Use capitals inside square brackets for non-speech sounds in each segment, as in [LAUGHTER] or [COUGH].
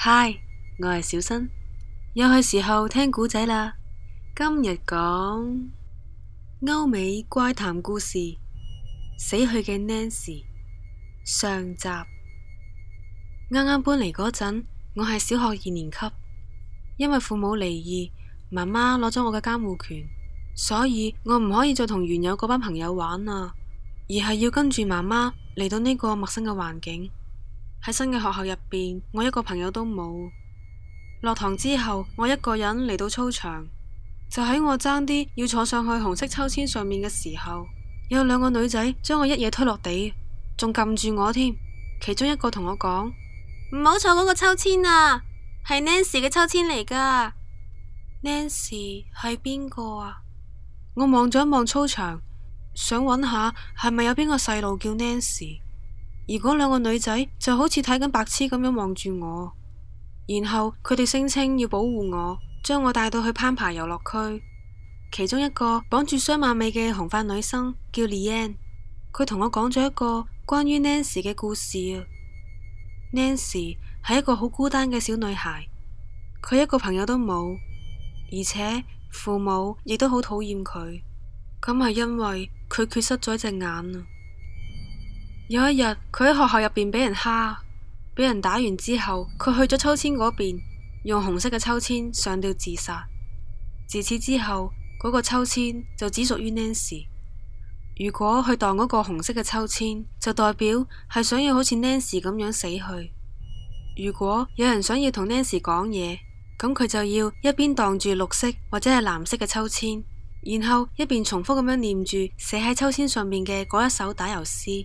嗨，Hi，我係小新，又係時候聽古仔啦。今日講歐美怪談故事，死去嘅 Nancy 上集。啱啱搬嚟嗰陣，我係小學二年級，因為父母離異，媽媽攞咗我嘅監護權，所以我唔可以再同原有嗰班朋友玩啦，而係要跟住媽媽嚟到呢個陌生嘅環境。喺新嘅學校入邊，我一個朋友都冇。落堂之後，我一個人嚟到操場，就喺我爭啲要坐上去紅色秋千上面嘅時候，有兩個女仔將我一嘢推落地，仲撳住我添。其中一個同我講：唔好坐嗰個秋千啊，係 Nancy 嘅秋千嚟噶。Nancy 係邊個啊？我望咗一望操場，想揾下係咪有邊個細路叫 Nancy。而嗰兩個女仔就好似睇緊白痴咁樣望住我，然後佢哋聲稱要保護我，將我帶到去攀爬遊樂區。其中一個綁住雙馬尾嘅紅發女生叫 Lian，佢同我講咗一個關於 Nancy 嘅故事。Nancy 係一個好孤單嘅小女孩，佢一個朋友都冇，而且父母亦都好討厭佢，咁係因為佢缺失咗一隻眼。有一日，佢喺學校入邊俾人蝦，俾人打完之後，佢去咗秋千嗰邊，用紅色嘅秋千上吊自殺。自此之後，嗰個秋千就只屬於 Nancy。如果去盪嗰個紅色嘅秋千，就代表係想要好似 Nancy 咁樣死去。如果有人想要同 Nancy 講嘢，咁佢就要一邊盪住綠色或者係藍色嘅秋千，然後一邊重複咁樣念住寫喺秋千上面嘅嗰一首打油詩。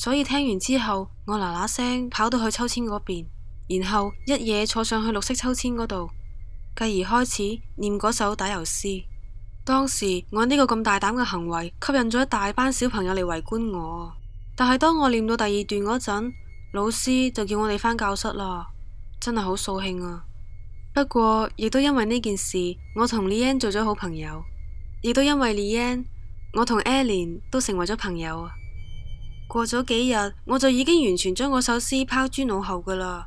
所以聽完之後，我嗱嗱聲跑到去秋千嗰邊，然後一夜坐上去綠色秋千嗰度，繼而開始念嗰首打油詩。當時我呢個咁大膽嘅行為，吸引咗一大班小朋友嚟圍觀我。但係當我念到第二段嗰陣，老師就叫我哋返教室啦，真係好掃興啊。不過亦都因為呢件事，我同李 i n 做咗好朋友，亦都因為李 i n 我同 A l e n 都成為咗朋友。過咗幾日，我就已經完全將嗰首詩拋諸腦後噶啦。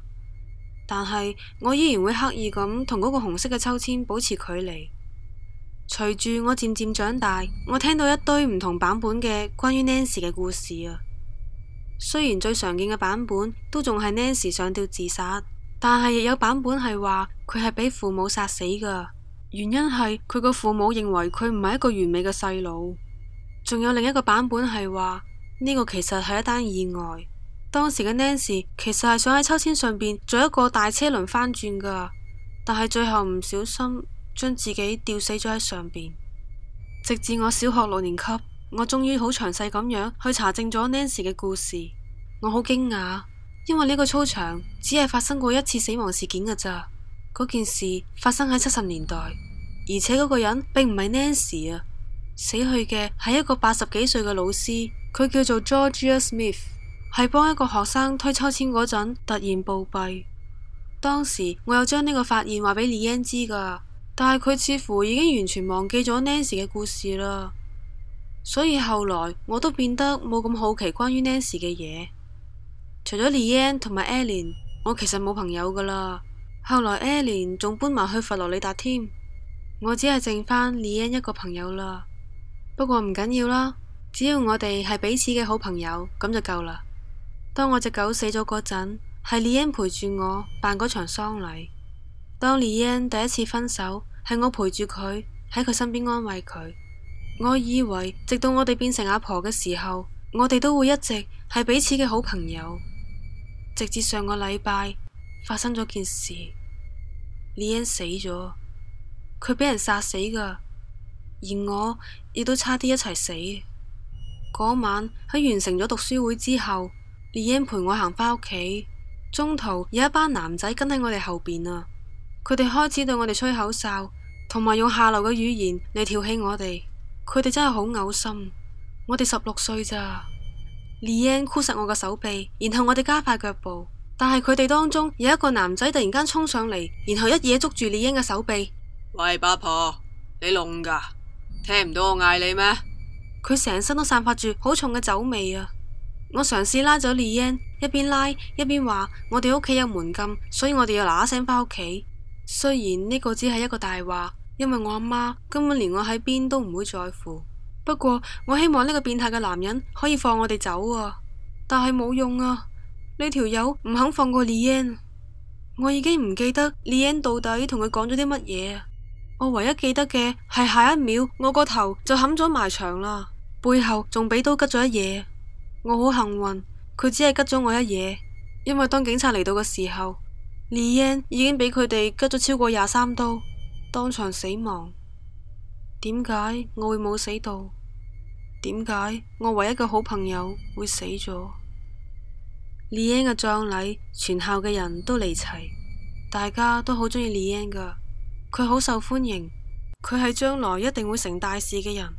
但係我依然會刻意咁同嗰個紅色嘅秋千保持距離。隨住我漸漸長大，我聽到一堆唔同版本嘅關於 Nancy 嘅故事啊。雖然最常見嘅版本都仲係 Nancy 上吊自殺，但係亦有版本係話佢係俾父母殺死噶。原因係佢個父母認為佢唔係一個完美嘅細路。仲有另一個版本係話。呢個其實係一單意外。當時嘅 Nancy 其實係想喺秋千上邊做一個大車輪翻轉噶，但係最後唔小心將自己吊死咗喺上邊。直至我小學六年級，我終於好詳細咁樣去查證咗 Nancy 嘅故事。我好驚訝，因為呢個操場只係發生過一次死亡事件㗎咋。嗰件事發生喺七十年代，而且嗰個人並唔係 Nancy 啊，死去嘅係一個八十幾歲嘅老師。佢叫做 Georgia Smith，係幫一個學生推抽籤嗰陣突然暴斃。當時我有將呢個發現話俾李 i 知噶，但係佢似乎已經完全忘記咗 Nancy 嘅故事啦。所以後來我都變得冇咁好奇關於 Nancy 嘅嘢。除咗李 i 同埋 Alien，我其實冇朋友噶啦。後來 Alien 仲搬埋去佛羅里達添，我只係剩返李 i 一個朋友啦。不過唔緊要啦。只要我哋係彼此嘅好朋友，咁就夠啦。當我隻狗死咗嗰陣，係李 i 陪住我辦嗰場喪禮。當李 i 第一次分手，係我陪住佢喺佢身邊安慰佢。我以為直到我哋變成阿婆嘅時候，我哋都會一直係彼此嘅好朋友。直至上個禮拜發生咗件事，李 i 死咗，佢俾人殺死噶，而我亦都差啲一齊死。嗰晚喺完成咗讀書會之後，李英陪我行返屋企，中途有一班男仔跟喺我哋後邊啊！佢哋開始對我哋吹口哨，同埋用下流嘅語言嚟調戲我哋，佢哋真係好嘔心。我哋十六歲咋？李英箍實我個手臂，然後我哋加快腳步，但係佢哋當中有一個男仔突然間衝上嚟，然後一嘢捉住李英嘅手臂。喂，八婆，你聾㗎？聽唔到我嗌你咩？佢成身都散發住好重嘅酒味啊！我嘗試拉咗 Li Yan，一邊拉一邊話：我哋屋企有門禁，所以我哋要嗱嗱聲返屋企。雖然呢個只係一個大話，因為我阿媽根本連我喺邊都唔會在乎。不過我希望呢個變態嘅男人可以放我哋走啊！但係冇用啊！呢條友唔肯放過 Li Yan，我已經唔記得 Li Yan 到底同佢講咗啲乜嘢。我唯一記得嘅係下一秒我個頭就冚咗埋牆啦。背後仲俾刀吉咗一嘢，我好幸運，佢只係吉咗我一嘢，因為當警察嚟到嘅時候，李英已經俾佢哋吉咗超過廿三刀，當場死亡。點解我會冇死到？點解我唯一嘅好朋友會死咗？李英嘅葬禮，全校嘅人都嚟齊，大家都好鍾意李英㗎，佢好受歡迎，佢係將來一定會成大事嘅人。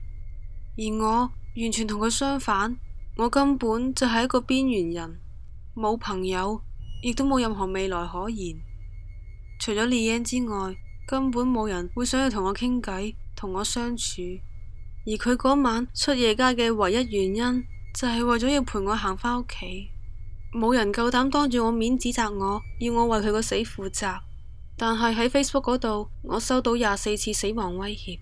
而我完全同佢相反，我根本就係一個邊緣人，冇朋友，亦都冇任何未來可言。除咗 Leon 之外，根本冇人會想要同我傾偈，同我相處。而佢嗰晚出夜街嘅唯一原因就係為咗要陪我行返屋企。冇人夠膽當住我面指責我，要我為佢個死負責。但係喺 Facebook 嗰度，我收到廿四次死亡威脅。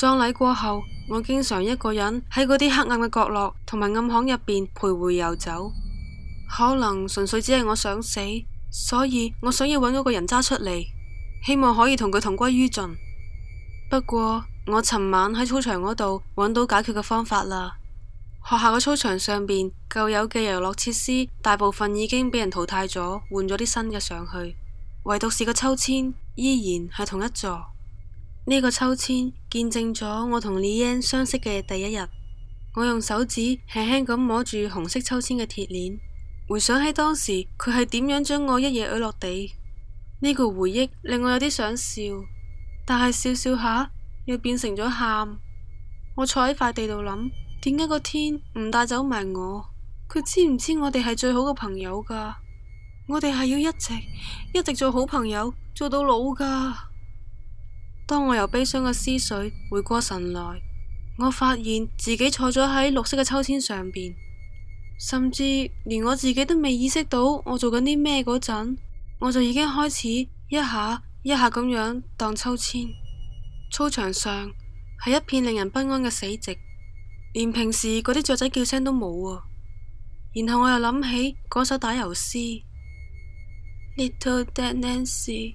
葬禮過後，我經常一個人喺嗰啲黑暗嘅角落同埋暗巷入邊徘徊遊走。可能純粹只係我想死，所以我想要搵嗰個人渣出嚟，希望可以同佢同歸於盡。不過我尋晚喺操場嗰度搵到解決嘅方法啦。學校嘅操場上邊舊有嘅遊樂設施大部分已經俾人淘汰咗，換咗啲新嘅上去，唯獨是個秋千依然係同一座。呢個秋千見證咗我同李嫣相識嘅第一日。我用手指輕輕咁摸住紅色秋千嘅鐵鏈，回想起當時佢係點樣將我一夜墜落地。呢個回憶令我有啲想笑，但係笑笑下又變成咗喊。我坐喺塊地度諗，點解個天唔帶走埋我？佢知唔知我哋係最好嘅朋友噶？我哋係要一直一直做好朋友，做到老噶。當我由悲傷嘅思緒回過神來，我發現自己坐咗喺綠色嘅秋千上邊，甚至連我自己都未意識到我做緊啲咩嗰陣，我就已經開始一下一下咁樣盪秋千。操場上係一片令人不安嘅死寂，連平時嗰啲雀仔叫聲都冇啊。然後我又諗起嗰首打油詩《Little Dead Nancy》。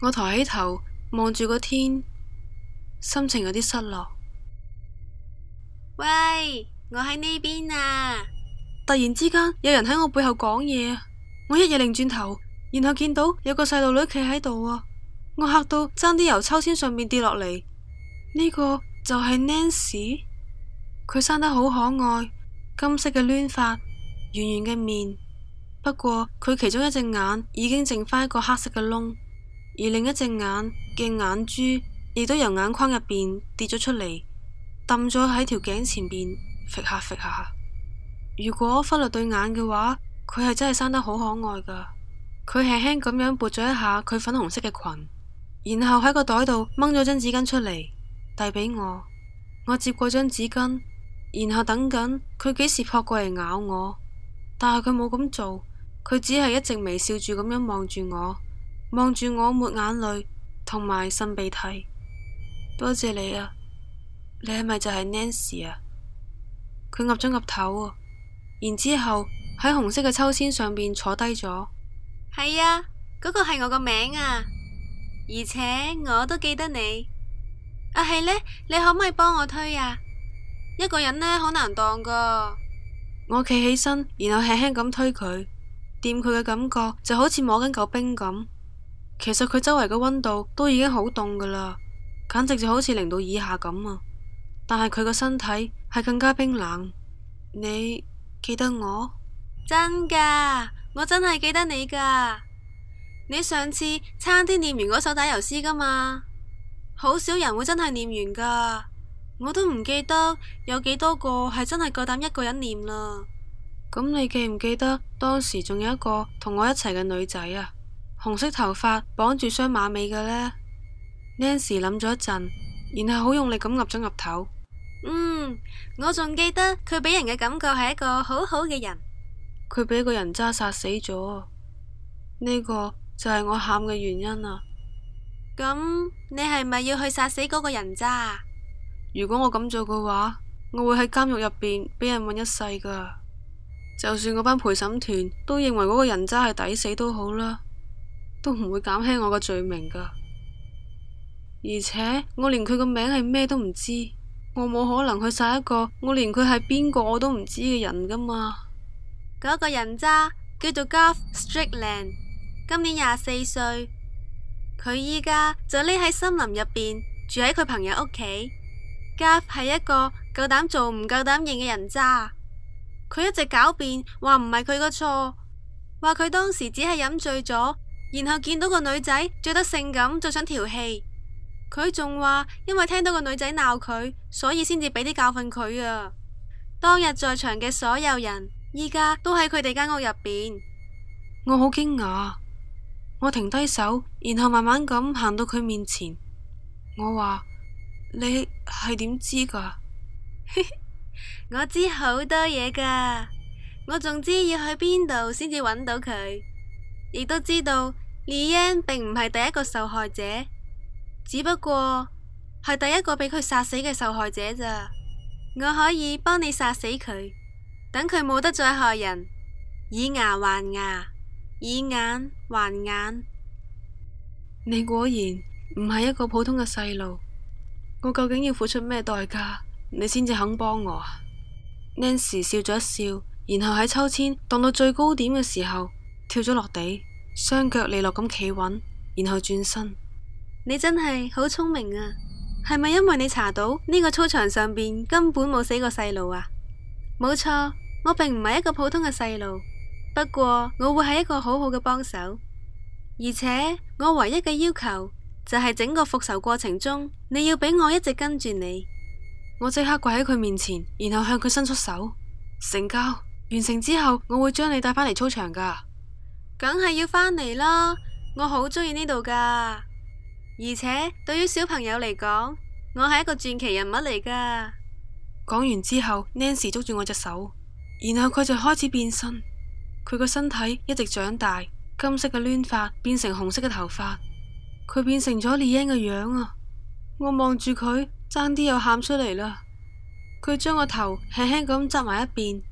我抬起頭望住個天，心情有啲失落。喂，我喺呢邊啊！突然之間有人喺我背後講嘢，我一嘢擰轉頭，然後見到有個細路女企喺度啊！我嚇到爭啲由秋千上面跌落嚟。呢個就係 Nancy，佢生得好可愛，金色嘅攣髮，圓圓嘅面，不過佢其中一隻眼已經剩翻一個黑色嘅窿。而另一隻眼嘅眼珠亦都由眼眶入邊跌咗出嚟，掟咗喺條頸前邊，揈下揈下。如果忽略對眼嘅話，佢係真係生得好可愛噶。佢輕輕咁樣撥咗一下佢粉紅色嘅裙，然後喺個袋度掹咗張紙巾出嚟，遞俾我。我接過張紙巾，然後等緊佢幾時撲過嚟咬我，但係佢冇咁做，佢只係一直微笑住咁樣望住我。望住我，抹眼淚同埋擤鼻涕。多謝你啊！你係咪就係 Nancy 啊？佢岌咗岌頭，然之後喺紅色嘅秋千上邊坐低咗。係啊，嗰、那個係我個名啊！而且我都記得你啊。係呢？你可唔可以幫我推啊？一個人呢，好難蕩個。我企起身，然後輕輕咁推佢，掂佢嘅感覺就好似摸緊嚿冰咁。其實佢周圍嘅溫度都已經好凍噶啦，簡直就好似零度以下咁啊！但係佢個身體係更加冰冷。你記得我？真噶，我真係記得你噶。你上次差啲念完嗰首打油詩噶嘛？好少人會真係念完噶，我都唔記得有幾多個係真係夠膽一個人念啦。咁你記唔記得當時仲有一個同我一齊嘅女仔啊？紅色頭髮綁住雙馬尾嘅呢 Nancy 諗咗一陣，然後好用力咁岌咗岌頭。嗯，我仲記得佢俾人嘅感覺係一個好好嘅人。佢俾個人渣殺死咗，呢、這個就係我喊嘅原因啊！咁、嗯、你係咪要去殺死嗰個人渣、啊？如果我咁做嘅話，我會喺監獄入邊俾人問一世噶。就算嗰班陪審團都認為嗰個人渣係抵死都好啦。都唔會減輕我嘅罪名噶，而且我連佢個名係咩都唔知，我冇可能去殺一個我連佢係邊個我都唔知嘅人噶嘛。嗰個人渣叫做 Guth Strickland，今年廿四歲，佢依家就匿喺森林入邊住喺佢朋友屋企。Guth 係一個夠膽做唔夠膽認嘅人渣，佢一直狡辯話唔係佢個錯，話佢當時只係飲醉咗。然後見到個女仔着得性感，仲想調戲佢，仲話因為聽到個女仔鬧佢，所以先至俾啲教訓佢啊！當日在場嘅所有人，依家都喺佢哋間屋入邊。我好驚訝，我停低手，然後慢慢咁行到佢面前。我話，你係點知噶？ [LAUGHS] 我知好多嘢噶，我仲知要去邊度先至揾到佢。亦都知道李英並唔係第一個受害者，只不過係第一個俾佢殺死嘅受害者咋。我可以幫你殺死佢，等佢冇得再害人，以牙還牙，以眼還眼。你果然唔係一個普通嘅細路，我究竟要付出咩代價，你先至肯幫我 [MUSIC] ？Nancy 笑咗一笑，然後喺秋千蕩到最高點嘅時候。跳咗落地，雙腳利落咁企穩，然後轉身。你真係好聰明啊！係咪因為你查到呢個操場上邊根本冇死過細路啊？冇錯，我並唔係一個普通嘅細路，不過我會係一個好好嘅幫手。而且我唯一嘅要求就係整個復仇過程中你要俾我一直跟住你。我即刻跪喺佢面前，然後向佢伸出手。成交，完成之後，我會將你帶返嚟操場噶。梗係要返嚟啦！我好鍾意呢度噶，而且對於小朋友嚟講，我係一個傳奇人物嚟噶。講完之後，Nancy 捉住我隻手，然後佢就開始變身，佢個身體一直長大，金色嘅攣髮變成紅色嘅頭髮，佢變成咗獵鷹嘅樣啊！我望住佢，差啲又喊出嚟啦。佢將個頭輕輕咁執埋一邊，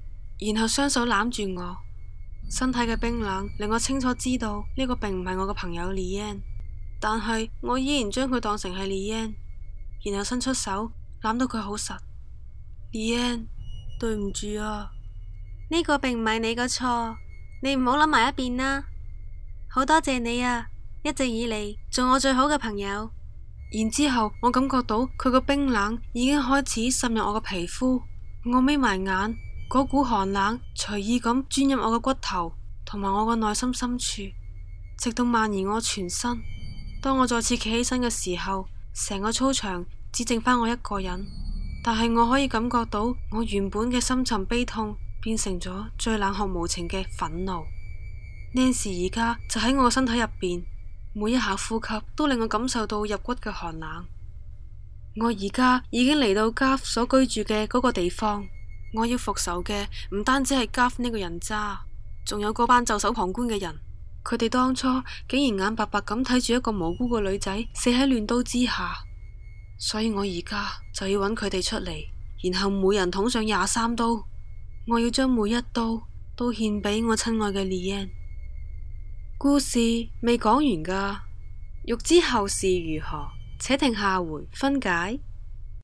然後雙手攬住我。身體嘅冰冷令我清楚知道呢個並唔係我嘅朋友 Li Yan，但係我依然將佢當成係 Li Yan，然後伸出手攬到佢好實。Li Yan，對唔住啊，呢個並唔係你嘅錯，你唔好諗埋一邊啦。好多謝你啊，一直以嚟做我最好嘅朋友。然之後我感覺到佢個冰冷已經開始滲入我嘅皮膚，我眯埋眼。嗰股寒冷隨意咁鑽入我嘅骨頭同埋我嘅內心深處，直到蔓延我全身。當我再次企起身嘅時候，成個操場只剩返我一個人。但係我可以感覺到，我原本嘅深沉悲痛變成咗最冷酷無情嘅憤怒。呢時而家就喺我身體入邊，每一下呼吸都令我感受到入骨嘅寒冷。我而家已經嚟到家所居住嘅嗰個地方。我要復仇嘅唔單止係 Guff 呢個人渣，仲有嗰班袖手旁觀嘅人。佢哋當初竟然眼白白咁睇住一個無辜嘅女仔死喺亂刀之下，所以我而家就要揾佢哋出嚟，然後每人捅上廿三刀。我要將每一刀都獻俾我親愛嘅李欣。故事未講完噶，欲知後事如何，且聽下回分解。